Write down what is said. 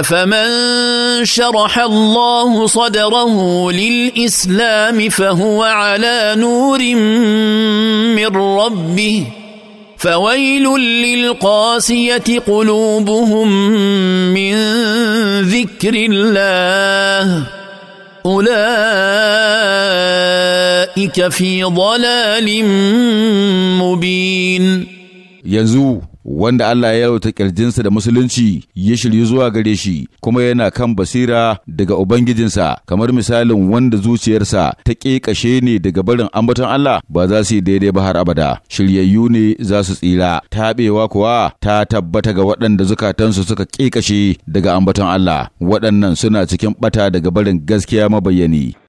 أفمن شرح الله صدره للإسلام فهو على نور من ربه فويل للقاسية قلوبهم من ذكر الله أولئك في ضلال مبين يزوق wanda Allah ya yauta kirjinsa da musulunci ya shiryu zuwa gare shi kuma yana kan basira daga ubangijinsa kamar misalin wanda zuciyarsa ta ƙeƙashe ne daga barin ambaton Allah ba za su yi daidai ba har abada shiryayyu ne za su tsira taɓewa kuwa ta tabbata ga waɗanda zukatansu suka ƙeƙashe daga ambaton Allah waɗannan suna cikin ɓata daga barin gaskiya mabayani